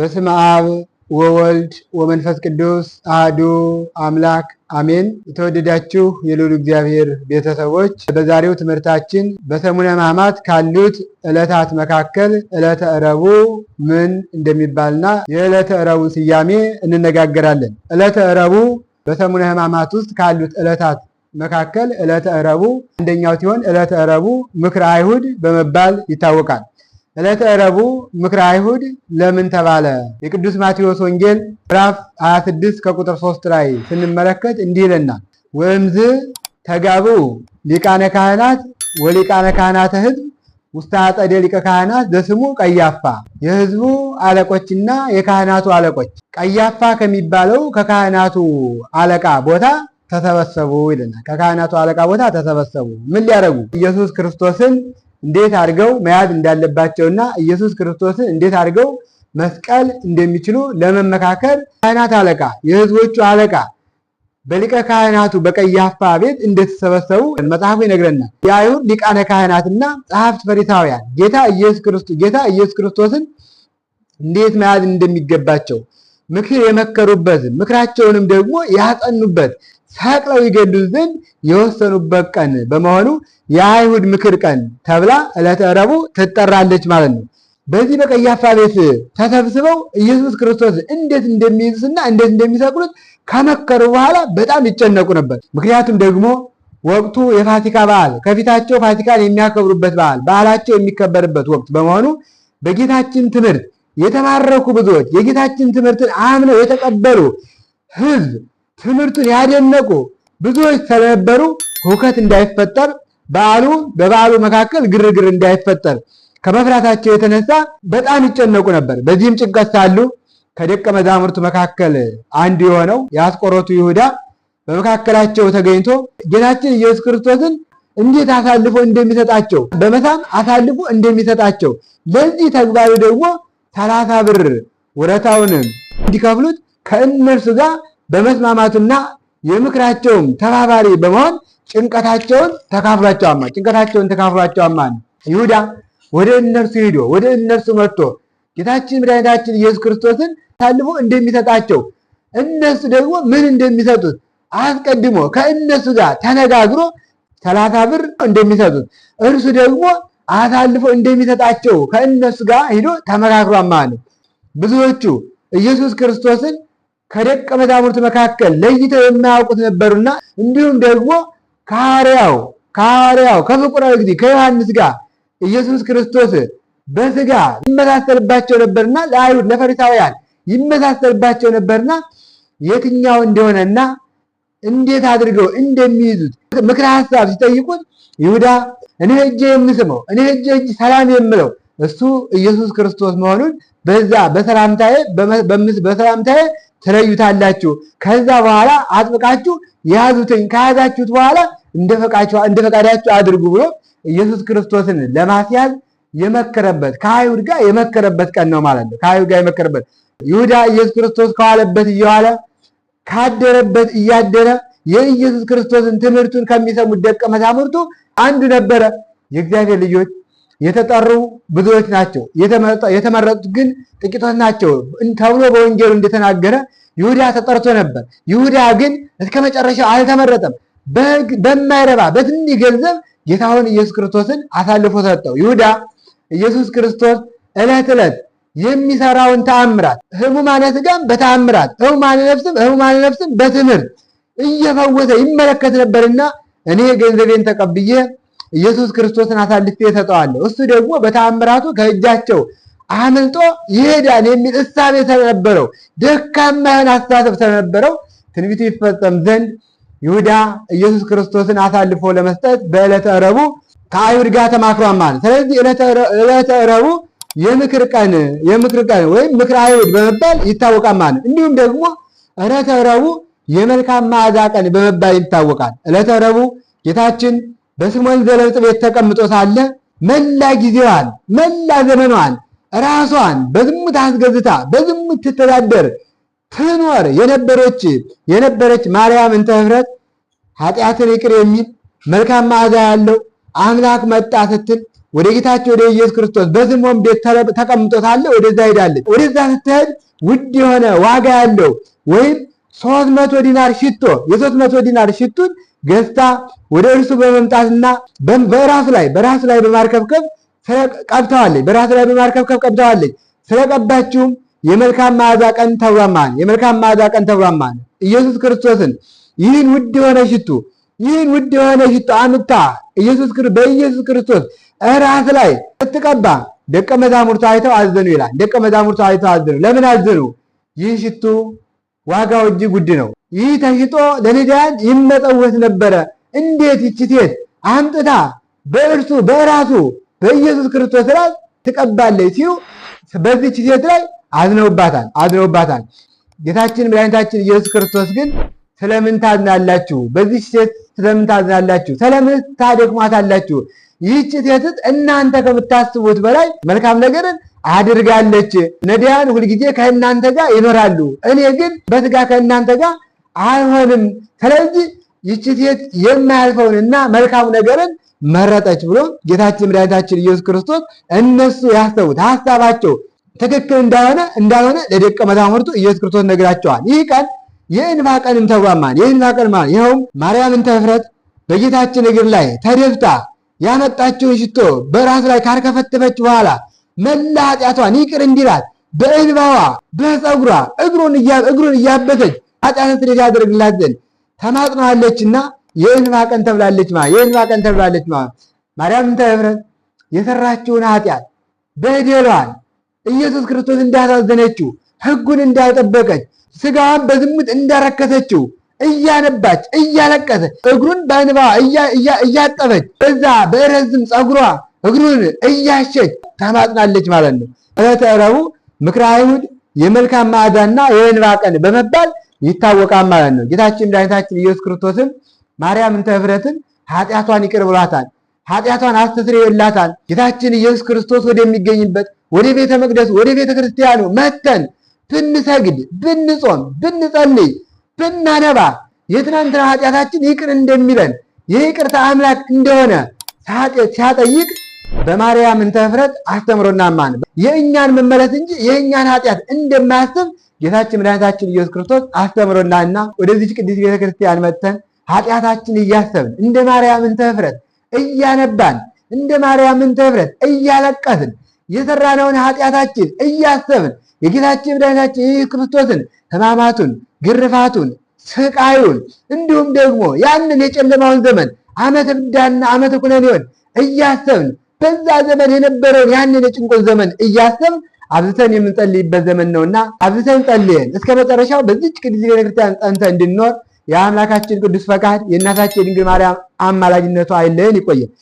በስመ አብ ወወልድ ወመንፈስ ቅዱስ አህዱ አምላክ አሜን። የተወደዳችሁ የልዑል እግዚአብሔር ቤተሰቦች በዛሬው ትምህርታችን በሰሙነ ሕማማት ካሉት ዕለታት መካከል ዕለተ ዕረቡ ምን እንደሚባልና የዕለተ ዕረቡ ስያሜ እንነጋገራለን። ዕለተ ዕረቡ በሰሙነ ሕማማት ውስጥ ካሉት ዕለታት መካከል ዕለተ ዕረቡ አንደኛው ሲሆን ዕለተ ዕረቡ ምክረ አይሁድ በመባል ይታወቃል። ዕለተ ረቡዕ ምክረ አይሁድ ለምን ተባለ? የቅዱስ ማቴዎስ ወንጌል ምዕራፍ 26 ከቁጥር 3 ላይ ስንመለከት እንዲህ ይለናል። ወእምዝ ተጋቡ ሊቃነ ካህናት ወሊቃነ ካህናተ ህዝብ ውስተ አጸደ ሊቀ ካህናት ዘስሙ ቀያፋ፣ የህዝቡ አለቆችና የካህናቱ አለቆች ቀያፋ ከሚባለው ከካህናቱ አለቃ ቦታ ተሰበሰቡ ይለናል። ከካህናቱ አለቃ ቦታ ተሰበሰቡ ምን ሊያደርጉ? ኢየሱስ ክርስቶስን እንዴት አድርገው መያዝ እንዳለባቸውና ኢየሱስ ክርስቶስን እንዴት አድርገው መስቀል እንደሚችሉ ለመመካከል ካህናት አለቃ፣ የህዝቦቹ አለቃ በሊቀ ካህናቱ በቀያፋ ቤት እንደተሰበሰቡ መጽሐፉ ይነግረናል። የአይሁድ ሊቃነ ካህናትና ጸሐፍት ፈሪሳውያን ጌታ ኢየሱስ ክርስቶስን እንዴት መያዝ እንደሚገባቸው ምክር የመከሩበት ምክራቸውንም ደግሞ ያጠኑበት ሰቅለው ይገድሉት ዘንድ የወሰኑበት ቀን በመሆኑ የአይሁድ ምክር ቀን ተብላ ዕለተ ረቡዕ ትጠራለች ማለት ነው። በዚህ በቀያፋ ቤት ተሰብስበው ኢየሱስ ክርስቶስ እንዴት እንደሚይዙትና እንዴት እንደሚሰቅሉት ከመከሩ በኋላ በጣም ይጨነቁ ነበር። ምክንያቱም ደግሞ ወቅቱ የፋሲካ በዓል ከፊታቸው ፋሲካን የሚያከብሩበት በዓል በዓላቸው የሚከበርበት ወቅት በመሆኑ በጌታችን ትምህርት የተባረኩ ብዙዎች የጌታችን ትምህርትን አምነው የተቀበሉ ህዝብ ትምህርቱን ያደነቁ ብዙዎች ስለነበሩ ሁከት እንዳይፈጠር በዓሉ በበዓሉ መካከል ግርግር እንዳይፈጠር ከመፍራታቸው የተነሳ በጣም ይጨነቁ ነበር። በዚህም ጭንቀት ሳሉ ከደቀ መዛሙርቱ መካከል አንዱ የሆነው የአስቆሮቱ ይሁዳ በመካከላቸው ተገኝቶ ጌታችን ኢየሱስ ክርስቶስን እንዴት አሳልፎ እንደሚሰጣቸው በመሳም አሳልፎ እንደሚሰጣቸው ለዚህ ተግባሩ ደግሞ ሰላሳ ብር ውረታውን እንዲከፍሉት ከእነርሱ ጋር በመስማማትና የምክራቸውም ተባባሪ በመሆን ጭንቀታቸውን ተካፍሏቸዋማ ጭንቀታቸውን ተካፍሏቸዋማ። ይሁዳ ወደ እነርሱ ሂዶ ወደ እነርሱ መጥቶ ጌታችን መድኃኒታችን ኢየሱስ ክርስቶስን ታልፎ እንደሚሰጣቸው እነሱ ደግሞ ምን እንደሚሰጡት አስቀድሞ ከእነሱ ጋር ተነጋግሮ ሰላሳ ብር እንደሚሰጡት እርሱ ደግሞ አሳልፎ እንደሚሰጣቸው ከእነሱ ጋር ሂዶ ተመካክሯል ማለት ነው። ብዙዎቹ ኢየሱስ ክርስቶስን ከደቀ መዛሙርት መካከል ለይተው የማያውቁት ነበሩና እንዲሁም ደግሞ ከሐዋርያው ከሐዋርያው ከፍቁራዊ ጊዜ ከዮሐንስ ጋር ኢየሱስ ክርስቶስ በስጋ ይመሳሰልባቸው ነበርና ለአይሁድ ለፈሪሳውያን ይመሳሰልባቸው ነበርና የትኛው እንደሆነና እንዴት አድርገው እንደሚይዙት ምክረ ሀሳብ ሲጠይቁት ይሁዳ እኔ ሄጄ የምስመው እኔ ሄጄ እጅ ሰላም የምለው እሱ ኢየሱስ ክርስቶስ መሆኑን በዛ በሰላምታዬ በሰላምታዬ ትለዩታላችሁ። ከዛ በኋላ አጥብቃችሁ የያዙትኝ ከያዛችሁት በኋላ እንደ ፈቃዳችሁ አድርጉ ብሎ ኢየሱስ ክርስቶስን ለማስያዝ የመከረበት ከአይሁድ ጋር የመከረበት ቀን ነው ማለት ነው። ከአይሁድ ጋር የመከረበት ይሁዳ ኢየሱስ ክርስቶስ ከዋለበት እየዋለ ካደረበት እያደረ የኢየሱስ ክርስቶስን ትምህርቱን ከሚሰሙት ደቀ መዛሙርቱ አንዱ ነበረ። የእግዚአብሔር ልጆች የተጠሩ ብዙዎች ናቸው፣ የተመረጡት ግን ጥቂቶች ናቸው ተብሎ በወንጌሉ እንደተናገረ ይሁዳ ተጠርቶ ነበር። ይሁዳ ግን እስከ መጨረሻው አልተመረጠም። በማይረባ በትንሽ ገንዘብ ጌታውን ኢየሱስ ክርስቶስን አሳልፎ ሰጠው። ይሁዳ ኢየሱስ ክርስቶስ ዕለት ዕለት የሚሰራውን ተአምራት ህሙማነ ስጋም በተአምራት ህሙማነ ነፍስም ህሙማነ ነፍስም በትምህርት እየፈወሰ ይመለከት ነበርና እኔ ገንዘቤን ተቀብዬ ኢየሱስ ክርስቶስን አሳልፌ እሰጠዋለሁ፣ እሱ ደግሞ በተአምራቱ ከእጃቸው አምልጦ ይሄዳል የሚል እሳቤ ስለነበረው ደካማህን አስተሳሰብ ስለነበረው ትንቢቱ ይፈጸም ዘንድ ይሁዳ ኢየሱስ ክርስቶስን አሳልፎ ለመስጠት በዕለተ ረቡዕ ከአይሁድ ጋር ተማክሯል ማለት ስለዚህ ዕለተ ረቡዕ የምክር ቀን የምክር ቀን ወይም ምክር አይሁድ በመባል ይታወቃል ማለት እንዲሁም ደግሞ ዕለተ ረቡዕ የመልካም መዓዛ ቀን በመባል ይታወቃል። ዕለተ ረቡዕ ጌታችን በስምዖን ዘለምጽ ቤት ተቀምጦ ሳለ መላ ጊዜዋን መላ ዘመኗን ራሷን በዝሙት አስገዝታ በዝሙት ትተዳደር ትኖር የነበረች የነበረች ማርያም እንተ ዕፍረት ኃጢአትን ይቅር የሚል መልካም መዓዛ ያለው አምላክ መጣ ስትል ወደ ጌታችን ወደ ኢየሱስ ክርስቶስ በዝሞን ቤት ተቀምጦታለ። ወደዛ ሄዳለች። ወደዛ ስትሄድ ውድ የሆነ ዋጋ ያለው ወይም ሶስት መቶ ዲናር ሽቶ የሶስት መቶ ዲናር ሽቱን ገዝታ ወደ እርሱ በመምጣትና በራሱ ላይ በራሱ ላይ በማርከብከብ ቀብተዋለች። በራሱ ላይ በማርከብከብ ቀብተዋለች። ስለቀባችውም የመልካም መዓዛ ቀን ተብሏማል። የመልካም መዓዛ ቀን ተብሏማል። ኢየሱስ ክርስቶስን ይህን ውድ የሆነ ሽቱ ይህን ውድ የሆነ ሽቱ አምታ ኢየሱስ በኢየሱስ ክርስቶስ እራስ ላይ ስትቀባ ደቀ መዛሙርቱ አይተው አዘኑ ይላል። ደቀ መዛሙርቱ አይተው አዘኑ። ለምን አዘኑ? ይህ ሽቱ ዋጋው እጅግ ውድ ነው። ይህ ተሽጦ ለነዳያን ይመጠወት ነበረ። እንዴት ይቺ ሴት አምጥታ በእርሱ በራሱ በኢየሱስ ክርስቶስ ራስ ትቀባለች ሲሉ በዚች ሴት ላይ አዝነውባታል አዝነውባታል። ጌታችን መድኃኒታችን ኢየሱስ ክርስቶስ ግን ስለምን ታዝናላችሁ? በዚህ ሴት ስለምን ታዝናላችሁ? ስለምን ታደክሟታላችሁ? ይህች ሴት እናንተ ከምታስቡት በላይ መልካም ነገርን አድርጋለች። ነዳያን ሁልጊዜ ከእናንተ ጋር ይኖራሉ፣ እኔ ግን በስጋ ከእናንተ ጋር አይሆንም። ስለዚህ ይህች ሴት የማያልፈውንና መልካም ነገርን መረጠች ብሎ ጌታችን መድኃኒታችን ኢየሱስ ክርስቶስ እነሱ ያሰቡት ሀሳባቸው ትክክል እንዳልሆነ ለደቀ መዛሙርቱ ኢየሱስ ክርስቶስ ነግራቸዋል። ይህ ቀን የእንባ ቀንም ተጓማን የእንባ ቀን ማለት ይኸውም ማርያም እንተ ኅፍረት በጌታችን እግር ላይ ተደፍታ ያመጣችውን ሽቶ በራስ ላይ ካርከፈተፈች በኋላ መላ ኃጢአቷን ይቅር እንዲላት በእንባዋ በፀጉሯ እግሩን እያበተች ኃጢአት ስርየት ያደርግላት ዘንድ ተማጽናለችና የእንባ ቀን ተብላለች ማ የእንባ ቀን ተብላለች ማ ማርያም እንተ ኅፍረት የሰራችውን ኃጢአት በደሏን ኢየሱስ ክርስቶስ እንዳሳዘነችው ሕጉን እንዳልጠበቀች ስጋዋን በዝሙት እንዳረከሰችው እያነባች እያለቀሰ እግሩን በእንባ እያጠበች በዛ በረዝም ፀጉሯ እግሩን እያሸች ተማጥናለች ማለት ነው። ዕለተ ረቡዕ ምክረ አይሁድ የመልካም መዓዛና የእንባ ቀን በመባል ይታወቃል ማለት ነው። ጌታችን መድኃኒታችን ኢየሱስ ክርስቶስም ማርያም እንተ ዕፍረትን ኃጢአቷን ይቅር ብሏታል። ኃጢአቷን አስተስርዮላታል። ጌታችን ኢየሱስ ክርስቶስ ወደሚገኝበት ወደ ቤተ መቅደሱ ወደ ቤተ ክርስቲያኑ መተን ብንሰግድ፣ ብንጾም፣ ብንጸልይ፣ ብናነባ የትናንትና ኃጢአታችን ይቅር እንደሚለን የይቅርታ አምላክ እንደሆነ ሲያጠይቅ በማርያም እንተ ኅፍረት አስተምሮና ማን የእኛን መመለስ እንጂ የእኛን ኃጢአት እንደማያስብ ጌታችን መድኃኒታችን ኢየሱስ ክርስቶስ አስተምሮናና ወደዚች ቅዱስ ቤተክርስቲያን መጥተን ኃጢአታችን እያሰብን እንደ ማርያም እንተ ኅፍረት እያነባን እንደ ማርያም እንተ ኅፍረት እያለቀስን የሰራነውን ኃጢአታችን እያሰብን የጌታችን መድኃኒታችን ይህ ክርስቶስን ሕማማቱን፣ ግርፋቱን፣ ስቃዩን እንዲሁም ደግሞ ያንን የጨለማውን ዘመን ዓመተ ፍዳና ዓመተ ኩነኔውን እያሰብን በዛ ዘመን የነበረውን ያንን የጭንቆት ዘመን እያሰብን አብዝተን የምንጸልይበት ዘመን ነውና አብዝተን ጸልየን እስከ መጨረሻው በዚች ቅዱስ ቤተክርስቲያን ጸንተ እንድንኖር የአምላካችን ቅዱስ ፈቃድ የእናታችን ድንግል ማርያም አማላጅነቷ አይለየን። ይቆየን።